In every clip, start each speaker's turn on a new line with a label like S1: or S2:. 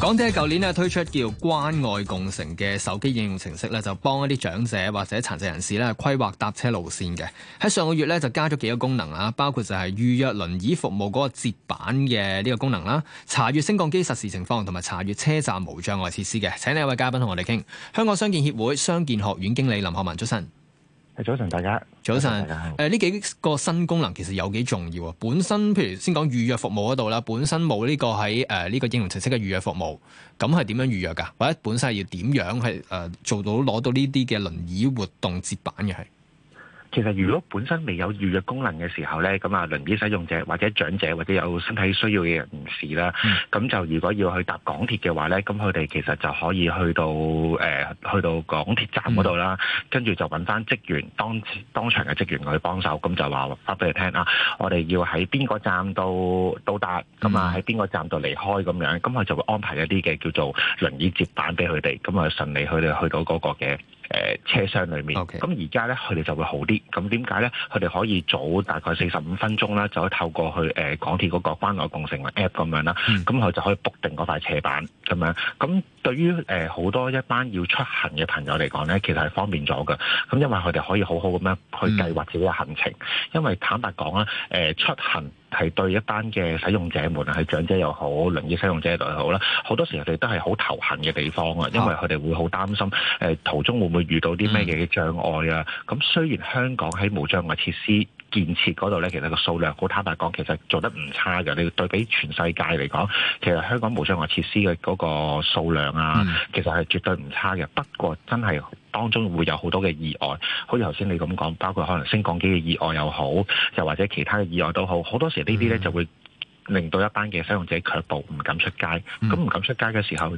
S1: 港鐵喺舊年咧推出叫關愛共乘嘅手機應用程式咧，就幫一啲長者或者殘疾人士咧規劃搭車路線嘅。喺上個月咧就加咗幾個功能啦，包括就係預約輪椅服務嗰個摺板嘅呢個功能啦，查閱升降機實時情況同埋查閱車站無障礙設施嘅。請呢位嘉賓同我哋傾香港傷健協會傷健學院經理林學文出身。早晨大家，早晨上。誒、呃，呢幾個新功能其實有幾重要啊！本身，譬如先講預約服務嗰度啦，本身冇呢個喺誒呢個應用程式嘅預約服務，咁係點樣預約噶？或者本身係要點樣係誒、呃、做到攞到呢啲嘅輪椅活動摺板嘅係？其實，如果本身未有預約
S2: 功能嘅時候呢，咁啊輪椅使用者或者長者或者有身體需要嘅人士啦，咁、嗯、就如果要去搭港鐵嘅話呢，咁佢哋其實就可以去到誒、呃、去到港鐵站嗰度啦，跟住就揾翻職員當當場嘅職員去幫手，咁就話話俾佢聽啊，我哋要喺邊個站度到達，咁啊喺邊個站度離開咁樣，咁佢就會安排一啲嘅叫做輪椅摺板俾佢哋，咁啊順利佢哋去，去到嗰個嘅。誒、呃、車廂裏面，咁而家呢，佢哋就會好啲。咁點解呢？佢哋可以早大概四十五分鐘啦，就可以透過去誒、呃、港鐵嗰個關愛共乘嘅 app 咁樣啦，咁佢、嗯、就可以 book 定嗰塊斜板咁樣。咁對於誒好、呃、多一班要出行嘅朋友嚟講呢，其實係方便咗嘅。咁因為佢哋可以好好咁樣去計劃自己嘅行程。嗯、因為坦白講啦，誒、呃、出行。係對一班嘅使用者們，係長者又好，輪椅使用者又好啦，好多時候佢哋都係好頭痕嘅地方啊，因為佢哋會好擔心誒途中會唔會遇到啲咩嘢嘅障礙啊。咁、嗯、雖然香港喺無障礙設施。建設嗰度呢，其實個數量好坦白講，其實做得唔差嘅。你對比全世界嚟講，其實香港無障礙設施嘅嗰個數量啊，其實係絕對唔差嘅。不過真係當中會有好多嘅意外，好似頭先你咁講，包括可能升降機嘅意外又好，又或者其他嘅意外都好，好多時呢啲呢就會。令到一班嘅使用者卻步，唔敢出街。咁唔、嗯、敢出街嘅時候，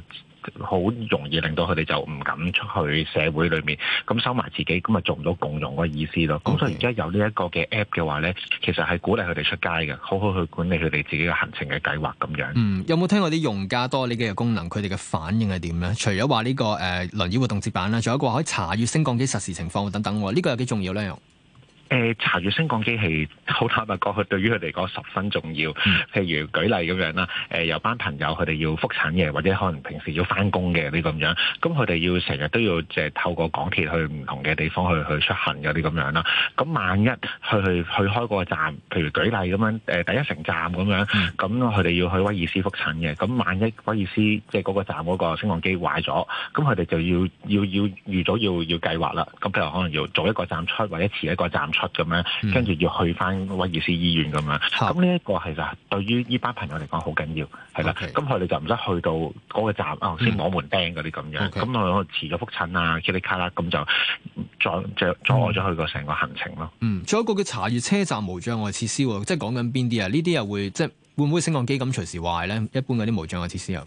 S2: 好容易令到佢哋就唔敢出去社會裏面。咁收埋自己，咁咪做唔到共融嘅意思咯。咁、嗯、所以而家有呢一個嘅 App 嘅話咧，其實係鼓勵佢哋出街嘅，好好去管理佢哋自己嘅行程嘅計劃咁樣。
S1: 嗯，有冇聽過啲用家多呢幾個功能，佢哋嘅反應係點咧？除咗話呢個誒、呃、輪椅活動摺板啦，仲有一個可以查閱升降機實時情況等等喎。呢、這個有幾重要咧？誒，查住升降機器，好坦白講，佢對於佢哋嚟講十分重要。譬如舉例咁樣啦，誒、呃、有班
S2: 朋友佢哋要覆診嘅，或者可能平時要返工嘅啲咁樣，咁佢哋要成日都要即係透過港鐵去唔同嘅地方去去出行嗰啲咁樣啦。咁、嗯、萬一佢去去開個站，譬如舉例咁樣誒、呃、第一城站咁樣，咁佢哋要去威爾斯覆診嘅，咁、嗯、萬一威爾斯即係嗰個站嗰個升降機壞咗，咁佢哋就要要要預早要要要計劃啦。咁譬如可能要早一個站出，或者遲一個站出。出咁樣，跟住要去翻威爾斯醫院咁樣，咁呢一個其實對於呢班朋友嚟講好緊要，係啦，咁佢哋就唔使去到嗰個站啊，先摸門釘嗰啲咁樣，咁佢遲咗覆診啊，噼里卡啦，咁就再再阻咗佢個成個行程咯。嗯，
S1: 仲有一個叫查閱車站無障礙設施喎，即係講緊邊啲啊？呢啲又會即係會唔會升降機咁隨時壞咧？一般嗰啲無障礙設施又？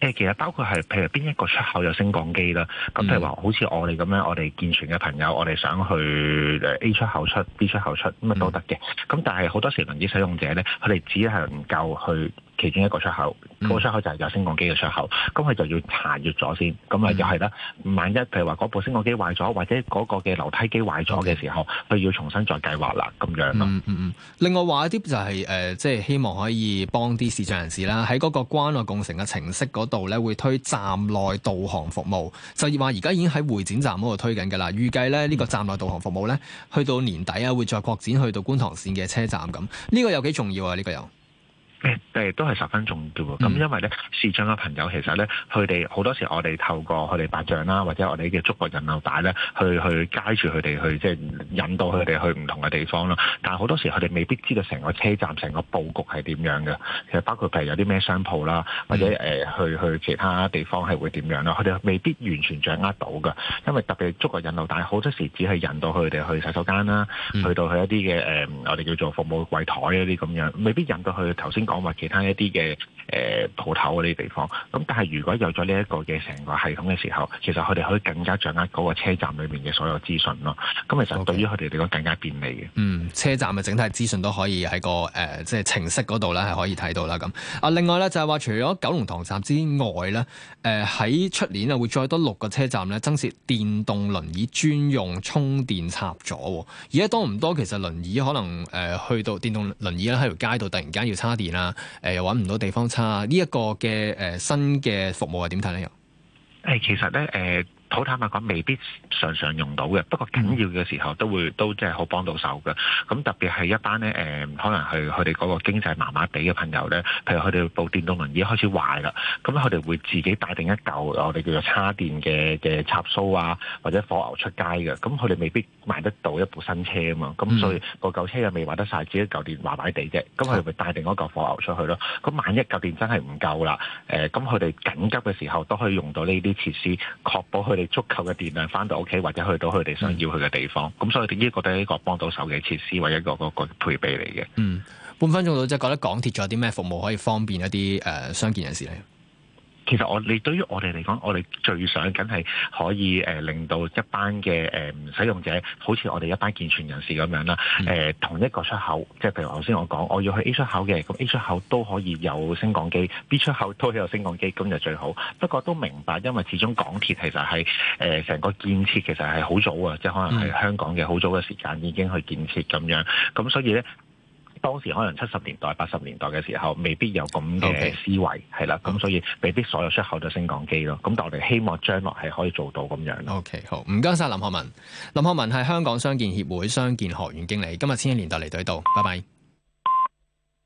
S2: 誒，其實包括係，譬如邊一個出口有升降機啦，咁譬、嗯、如話，好似我哋咁樣，我哋健全嘅朋友，我哋想去誒 A 出口出，B 出口出，乜都得嘅。咁但係好多時，輪啲使用者咧，佢哋只係唔夠去。其中一個出口，個出口就係有升降機嘅出口，咁佢、嗯、就要查閱咗先，咁啊又係啦。萬一譬如話嗰部升降機壞咗，或者嗰
S1: 個嘅樓梯機壞咗嘅時候，
S2: 佢要重新再計劃啦，咁樣咯、
S1: 嗯。嗯嗯另外話一啲就係、是、誒、呃，即係希望可以幫啲視障人士啦，喺嗰個關愛共乘嘅程式嗰度咧，會推站內導航服務。就話而家已經喺會展站嗰度推緊㗎啦，預計咧呢、呢個站內導航服務咧，去到年底啊會再擴展去到觀塘線嘅車站咁。呢、呢個有幾重要啊？呢、呢個有。
S2: 誒，都係十分重要。咁因為咧，視障嘅朋友其實咧，佢哋好多時我哋透過佢哋白杖啦，或者我哋嘅觸覺引路帶咧，去去街住佢哋去，即係引導佢哋去唔同嘅地方咯。但係好多時佢哋未必知道成個車站成個佈局係點樣嘅。其實包括譬如有啲咩商鋪啦，或者誒、呃、去去其他地方係會點樣啦，佢哋未必完全掌握到嘅。因為特別係觸覺引路帶好多時只係引到佢哋去洗手間啦，去到去一啲嘅誒，我哋叫做服務櫃枱嗰啲咁樣，未必引到佢頭先。講話其他一啲嘅誒鋪頭啊，啲地方咁，但係如果有咗呢一個嘅成個系統嘅時候，其實佢哋可以更加掌握
S1: 嗰個車站裏面嘅所有資訊咯。咁其實對於佢哋嚟講更加便利嘅。嗯，車站嘅整體資訊都可以喺個誒即係程式嗰度咧係可以睇到啦。咁啊，另外咧就係話除咗九龍塘站之外咧，誒喺出年啊會再多六個車站咧增設電動輪椅專用充電插座。而家多唔多？其實輪椅可能誒、呃、去到電動輪椅喺條街度突然間要插電。啊！誒又揾唔到地方差呢一、這個嘅誒、呃、新嘅服務係點睇咧？又誒其實咧誒。呃好坦白講，未
S2: 必常常用到嘅，不過緊要嘅時候都會都即係好幫到手嘅。咁特別係一班咧誒、呃，可能係佢哋嗰個經濟麻麻地嘅朋友咧，譬如佢哋部電動輪椅開始壞啦，咁佢哋會自己帶定一嚿我哋叫做叉電嘅嘅插蘇啊，或者火牛出街嘅。咁佢哋未必買得到一部新車啊嘛，咁、嗯、所以個舊車又未買得晒，自己舊電壞壞地啫。咁佢哋咪帶定嗰嚿火牛出去咯？咁萬一嚿電真係唔夠啦，誒、呃，咁佢哋緊急嘅時候都可以用到呢啲設施，確保佢你足夠嘅電量翻到屋企，或者去到佢哋想要去嘅地方。咁所以，我哋依覺得一個幫到手嘅設施，或者一個嗰個配備嚟嘅。嗯，
S1: 半分鐘到即係覺得港鐵仲有啲咩服務可以方便一啲誒傷健人士咧？
S2: 其實我哋對於我哋嚟講，我哋最想緊係可以誒令到一班嘅誒使用者，好似我哋一班健全人士咁樣啦。誒、嗯、同一個出口，即係譬如頭先我講，我要去 A 出口嘅，咁 A 出口都可以有升降機，B 出口都可以有升降機，咁就最好。不過都明白，因為始終港鐵其實係誒成個建設其實係好早啊，即係可能係香港嘅好早嘅時間已經去建設咁樣。咁所以呢。當時可能七十年代、八十年代嘅時候，未必有咁多嘅思維，係
S1: 啦 Okay.，咁所以未必所有出口就升降機咯。咁但我哋希望將來係可以做到咁樣。OK，好，唔該晒。林學文。林學文係香港傷健協會傷健學院經理，今日千禧年代嚟到呢度，拜拜。